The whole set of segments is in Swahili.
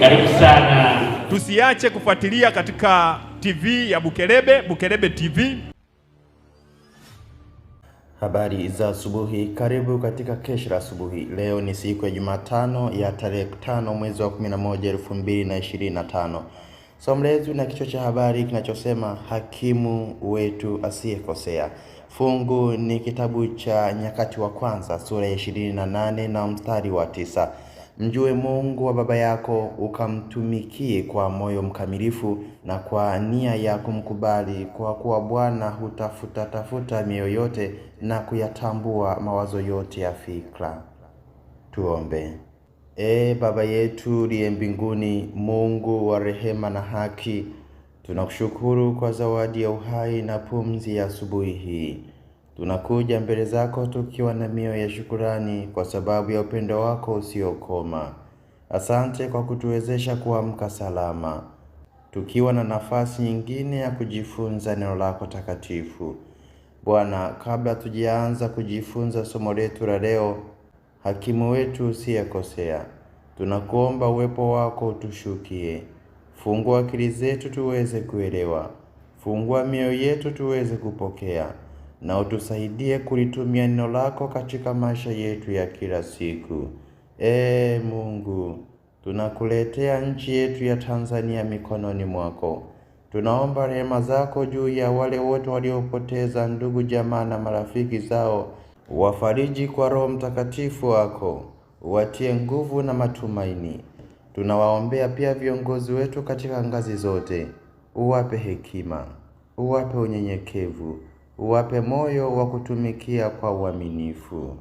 Karibu sana. Tusiache kufuatilia katika TV ya Bukelebe, Bukelebe TV. Habari za asubuhi, karibu katika kesha la asubuhi. Leo ni siku ya Jumatano ya tarehe tano mwezi wa 11 2025. Somo letu na kichwa cha habari kinachosema hakimu wetu asiyekosea. Fungu ni kitabu cha Nyakati wa Kwanza sura ya 28 na mstari wa tisa. Mjue Mungu wa baba yako ukamtumikie kwa moyo mkamilifu na kwa nia ya kumkubali, kwa kuwa Bwana hutafuta tafuta mioyo yote na kuyatambua mawazo yote ya fikra. Tuombe. Ee Baba yetu uliye mbinguni, Mungu wa rehema na haki, tunakushukuru kwa zawadi ya uhai na pumzi ya asubuhi hii Tunakuja mbele zako tukiwa na mioyo ya shukurani kwa sababu ya upendo wako usiokoma. Asante kwa kutuwezesha kuamka salama, tukiwa na nafasi nyingine ya kujifunza neno lako takatifu. Bwana, kabla tujaanza kujifunza somo letu la leo, hakimu wetu usiyekosea, tunakuomba uwepo wako utushukie. Fungua akili zetu tuweze kuelewa, fungua mioyo yetu tuweze kupokea na utusaidie kulitumia neno lako katika maisha yetu ya kila siku. Ee Mungu, tunakuletea nchi yetu ya Tanzania mikononi mwako. Tunaomba rehema zako juu ya wale wote waliopoteza ndugu, jamaa na marafiki zao. Wafariji kwa Roho Mtakatifu wako, watie nguvu na matumaini. Tunawaombea pia viongozi wetu katika ngazi zote, uwape hekima, uwape unyenyekevu uwape moyo wa kutumikia kwa uaminifu.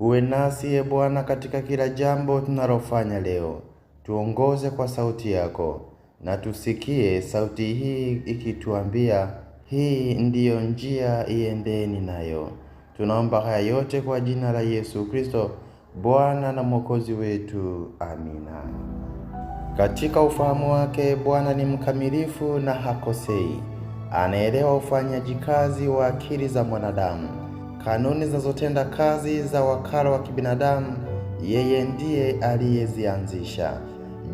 Uwe nasi e Bwana, katika kila jambo tunalofanya leo. Tuongoze kwa sauti yako na tusikie sauti hii ikituambia, hii ndiyo njia, iendeni nayo. Tunaomba haya yote kwa jina la Yesu Kristo, Bwana na Mwokozi wetu. Amina. Katika ufahamu wake Bwana ni mkamilifu na hakosei anaelewa ufanyaji kazi wa akili za mwanadamu, kanuni zinazotenda kazi za wakala wa kibinadamu. Yeye ndiye aliyezianzisha,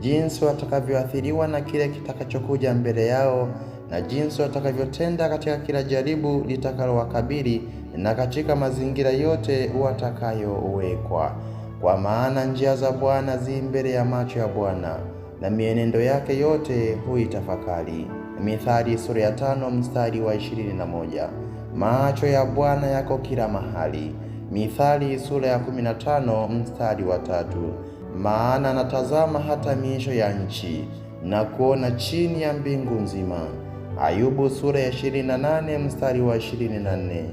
jinsi watakavyoathiriwa na kile kitakachokuja mbele yao na jinsi watakavyotenda katika kila jaribu litakalowakabili na katika mazingira yote watakayowekwa. Kwa maana njia za Bwana zi mbele ya macho ya Bwana, na mienendo yake yote huitafakari. Mithali sura ya tano mstari wa ishirini na moja. Macho ya Bwana yako kila mahali. Mithali sura ya kumi na tano mstari wa tatu. Maana natazama hata miisho ya nchi na kuona chini ya mbingu nzima. Ayubu sura ya ishirini na nane mstari wa ishirini na nne.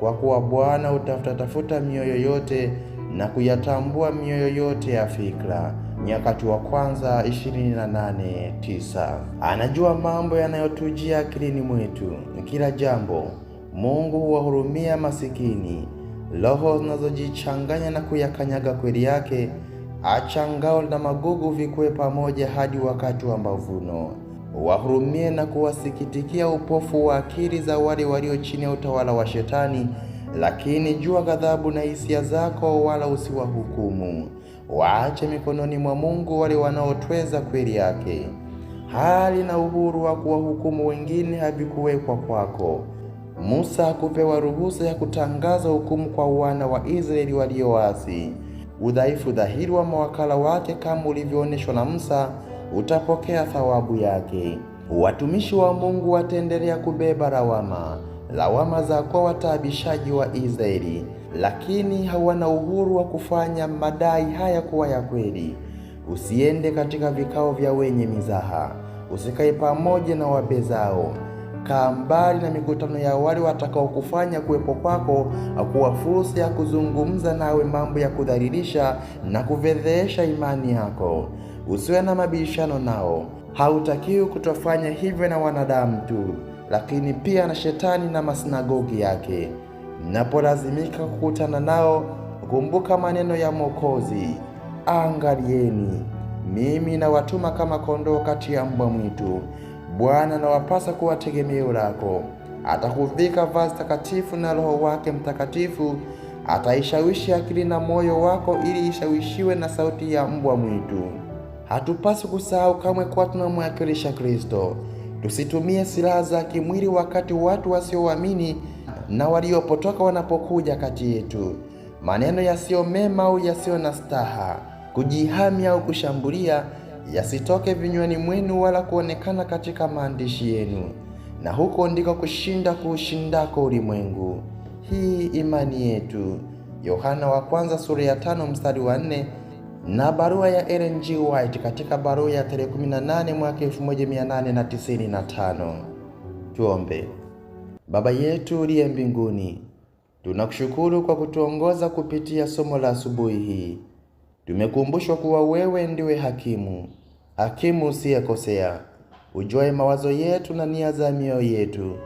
Kwa kuwa Bwana utafuta tafuta mioyo yote na kuyatambua mioyo yote ya fikra. Nyakati wa kwanza 28:9. Anajua mambo yanayotujia akilini mwetu kila jambo. Mungu huwahurumia masikini, roho zinazojichanganya na kuyakanyaga kweli yake, ngao na magugu vikuwe pamoja hadi wakati wa mavuno. Wahurumie na kuwasikitikia upofu wa akili za wale walio chini ya utawala wa Shetani lakini jua ghadhabu na hisia zako, wala usiwahukumu. Waache mikononi mwa Mungu wale wanaotweza kweli yake. Hali na uhuru wa kuwahukumu wengine havikuwekwa kwako. Musa hakupewa ruhusa ya kutangaza hukumu kwa wana wa Israeli walioasi. Udhaifu dhahiri wa mawakala wake, kama ulivyoonyeshwa na Musa, utapokea thawabu yake. Watumishi wa Mungu wataendelea kubeba lawama lawama za kwa wataabishaji wa Israeli, lakini hawana uhuru wa kufanya madai haya kuwa ya kweli. Usiende katika vikao vya wenye mizaha, usikae pamoja na wabezao. Kaa mbali na mikutano ya wale watakaokufanya kuwepo kwako kuwa fursa ya kuzungumza nawe mambo ya kudhalilisha na kuvedheesha imani yako. Usiwe na mabishano nao, hautakiwi kutofanya hivyo na wanadamu tu lakini pia na shetani na masinagogi yake. napolazimika kukutana nao, kumbuka maneno ya Mwokozi, angalieni, mimi nawatuma kama kondoo kati ya mbwa mwitu. Bwana nawapasa kuwa tegemeo lako, atakuvika vazi takatifu na Roho wake Mtakatifu ataishawishi akili na moyo wako ili ishawishiwe na sauti ya mbwa mwitu. hatupasi kusahau kamwe kuwa tunamwakilisha Kristo. Tusitumie silaha za kimwili wakati watu wasioamini na waliopotoka wanapokuja kati yetu. Maneno yasiyo mema au yasiyo na staha, kujihami au kushambulia yasitoke vinywani mwenu wala kuonekana katika maandishi yenu, na huko ndiko kushinda kuushindako ulimwengu. Hii imani yetu. Yohana wa kwanza sura ya tano mstari wa nne na barua ya Ellen G. White katika barua ya tarehe 18 mwaka 1895. Tuombe. Baba yetu uliye mbinguni, tunakushukuru kwa kutuongoza kupitia somo la asubuhi hii. Tumekumbushwa kuwa wewe ndiwe hakimu, hakimu usiyekosea, ujuaye mawazo yetu na nia za mioyo yetu.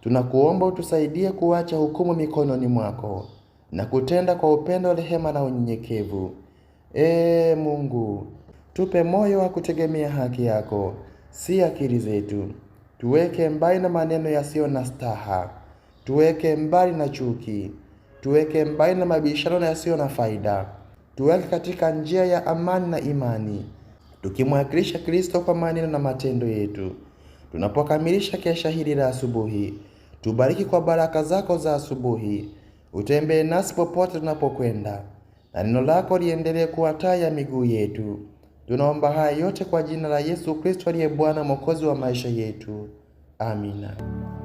Tunakuomba utusaidie kuacha hukumu mikononi mwako na kutenda kwa upendo, rehema na unyenyekevu Ee Mungu, tupe moyo wa kutegemea haki yako, si akili zetu. Tuweke mbali na maneno yasiyo na staha, tuweke mbali na chuki, tuweke mbali na mabishano yasiyo na faida, tuweke katika njia ya amani na imani, tukimwakilisha Kristo kwa maneno na matendo yetu. Tunapokamilisha kesha hili la asubuhi, tubariki kwa baraka zako za asubuhi, utembee nasi popote tunapokwenda na neno lako liendelee kuwa taa ya miguu yetu. Tunaomba haya yote kwa jina la Yesu Kristo aliye Bwana mwokozi wa maisha yetu. Amina.